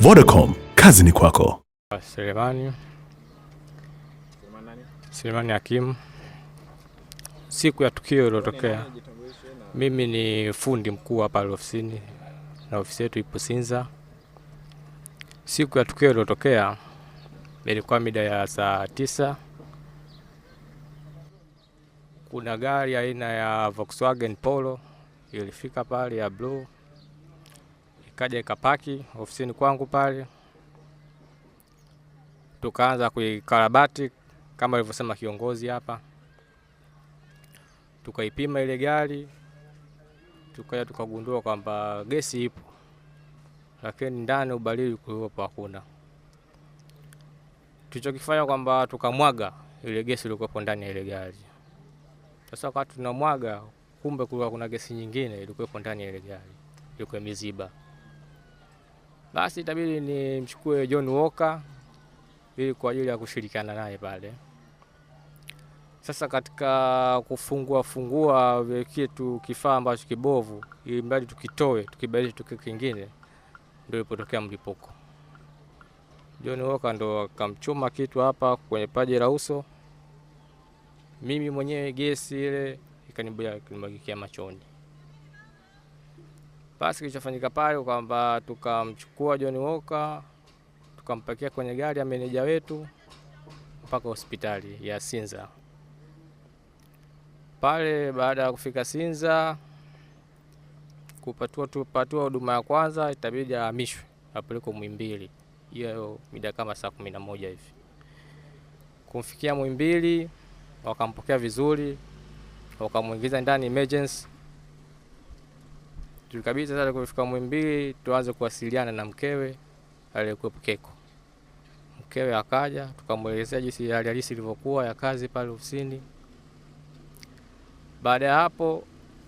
Vodacom, kazi ni kwako. Selemani Selemani Hakimu. Siku ya tukio iliyotokea, mimi ni fundi mkuu hapa ofisini na ofisi yetu ipo Sinza. Siku ya tukio iliyotokea ilikuwa mida ya saa tisa. Kuna gari aina ya Volkswagen Polo ilifika pale ya bluu ikaja ikapaki ofisini kwangu pale, tukaanza kuikarabati kama alivyosema kiongozi hapa. Tukaipima ile gari, tukaja tukagundua kwamba gesi ipo, lakini ndani ubalili kuliopo hakuna. Tulichokifanya kwamba tukamwaga ile gesi iliyokuwepo ndani ya ile gari. Sasa wakati tunamwaga, kumbe kulikuwa kuna gesi nyingine ilikuwepo ndani ya ile gari, ilikuwa miziba basi itabidi nimchukue John Walker ili kwa ajili ya kushirikiana naye pale. Sasa katika kufungua fungua kitu kifaa ambacho kibovu, ili mradi tukitoe tukibadilisha tuki kingine, ndio ilipotokea mlipuko. John Walker ndo akamchoma kitu hapa kwenye paji la uso, mimi mwenyewe gesi ile ikanimwagikia machoni. Basi kilichofanyika pale kwamba tukamchukua John Walker tukampakia kwenye gari ya meneja wetu mpaka hospitali ya Sinza. Pale baada ya kufika Sinza kupatiwa tupatiwa huduma ya kwanza, itabidi ahamishwe apelekwe Muhimbili, hiyo mida kama saa kumi na moja hivi. Kumfikia Muhimbili wakampokea vizuri, wakamwingiza ndani emergency tulikabidhi sasa. Alipofika Muhimbili, tuanze kuwasiliana na mkewe aliyekuwa Keko. Mkewe akaja, tukamwelezea jinsi hali halisi ilivyokuwa ya kazi pale ofisini. Baada ya hapo,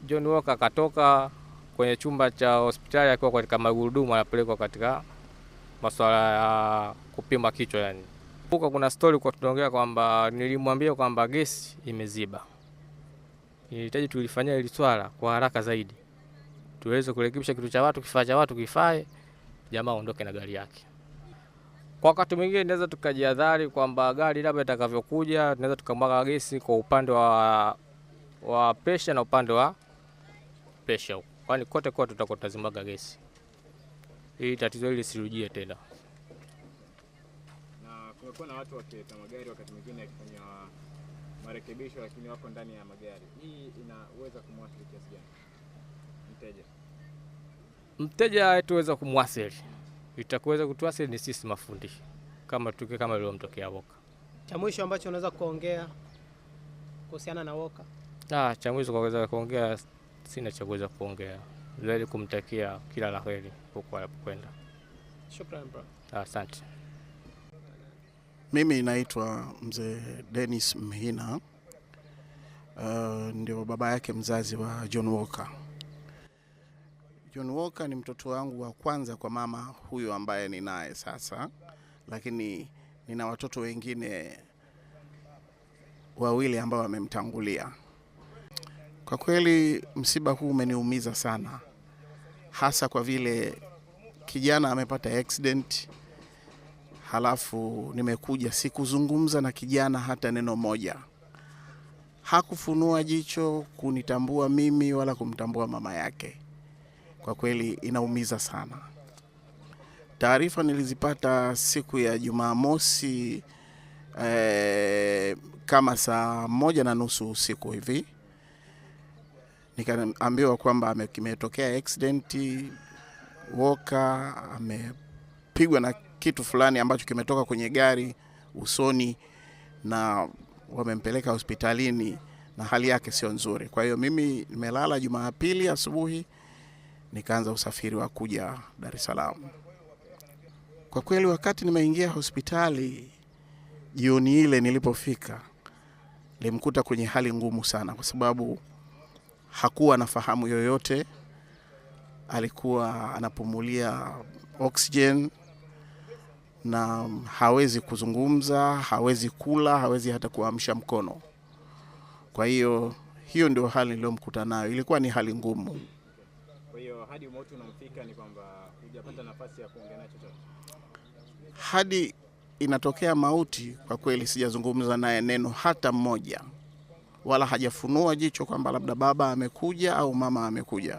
John Walker akatoka kwenye chumba cha hospitali akiwa katika magurudumu, anapelekwa katika masuala ya kupima kichwa yani. Kumbuka kuna story kwa tunaongea kwamba nilimwambia kwamba gesi imeziba, nilihitaji tulifanyia hili swala kwa haraka zaidi tuweze kurekebisha kitu cha watu, kifaa cha watu kifae, jamaa aondoke na gari yake. Kwa wakati mwingine tunaweza tukajihadhari kwamba gari labda itakavyokuja, tunaweza tukamwaga gesi kwa upande wa, wa pesha na upande wa pesha huko, kwani kote kote tutakuwa tunazimwaga gesi ili tatizo hili lisirudie tena. Na kumekuwa na watu wakileta magari wakati mwingine yakifanya marekebisho, lakini wako ndani ya magari. Hii inaweza kumwathiri kiasi gani? mteja? Mteja haituweza kumwasili, itakuweza kutuasili ni sisi mafundi, kama tuke kama iliyomtokea Woka. Cha mwisho ambacho unaweza kuongea kuhusiana na Woka? Ah, cha mwisho kuweza kuongea, sina cha kuweza kuongea zaidi kumtakia kila la heri huko alipokwenda. Shukrani bro. Asante. Mimi naitwa mzee Dennis Mhina. Uh, ndio baba yake mzazi wa John Walker. John Walker ni mtoto wangu wa kwanza kwa mama huyo ambaye ninaye sasa, lakini nina watoto wengine wawili ambao wamemtangulia. Kwa kweli msiba huu umeniumiza sana, hasa kwa vile kijana amepata accident, halafu nimekuja sikuzungumza na kijana hata neno moja. Hakufunua jicho kunitambua mimi wala kumtambua mama yake kwa kweli inaumiza sana. Taarifa nilizipata siku ya Jumamosi eh, kama saa moja na nusu usiku hivi nikaambiwa kwamba kimetokea accident, woka amepigwa na kitu fulani ambacho kimetoka kwenye gari usoni na wamempeleka hospitalini na hali yake sio nzuri. Kwa hiyo mimi nimelala Jumapili asubuhi nikaanza usafiri wa kuja Dar es Salaam. Kwa kweli, wakati nimeingia hospitali jioni ile nilipofika, nilimkuta kwenye hali ngumu sana, kwa sababu hakuwa na fahamu yoyote, alikuwa anapumulia oxygen na hawezi kuzungumza, hawezi kula, hawezi hata kuamsha mkono. Kwa hiyo hiyo ndio hali niliyomkuta nayo, ilikuwa ni hali ngumu hadi umauti unamfika ni kwamba hujapata nafasi ya kuongea naye chochote? Hadi inatokea mauti, kwa kweli sijazungumza naye neno hata mmoja, wala hajafunua jicho kwamba labda baba amekuja au mama amekuja.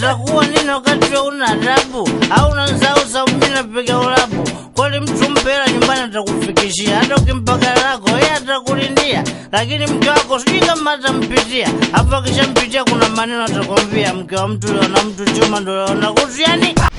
takuwa nini wakati we una adabu au unansahau sababu mi ulabu? Kwani mtu mpela nyumbani atakufikishia, hata ukimpaka lako yeye atakulindia, lakini mke wako sijui kama atampitia. Hapo akishampitia kuna maneno atakwambia, mke wa mtu leo mtu chuma ndo leo na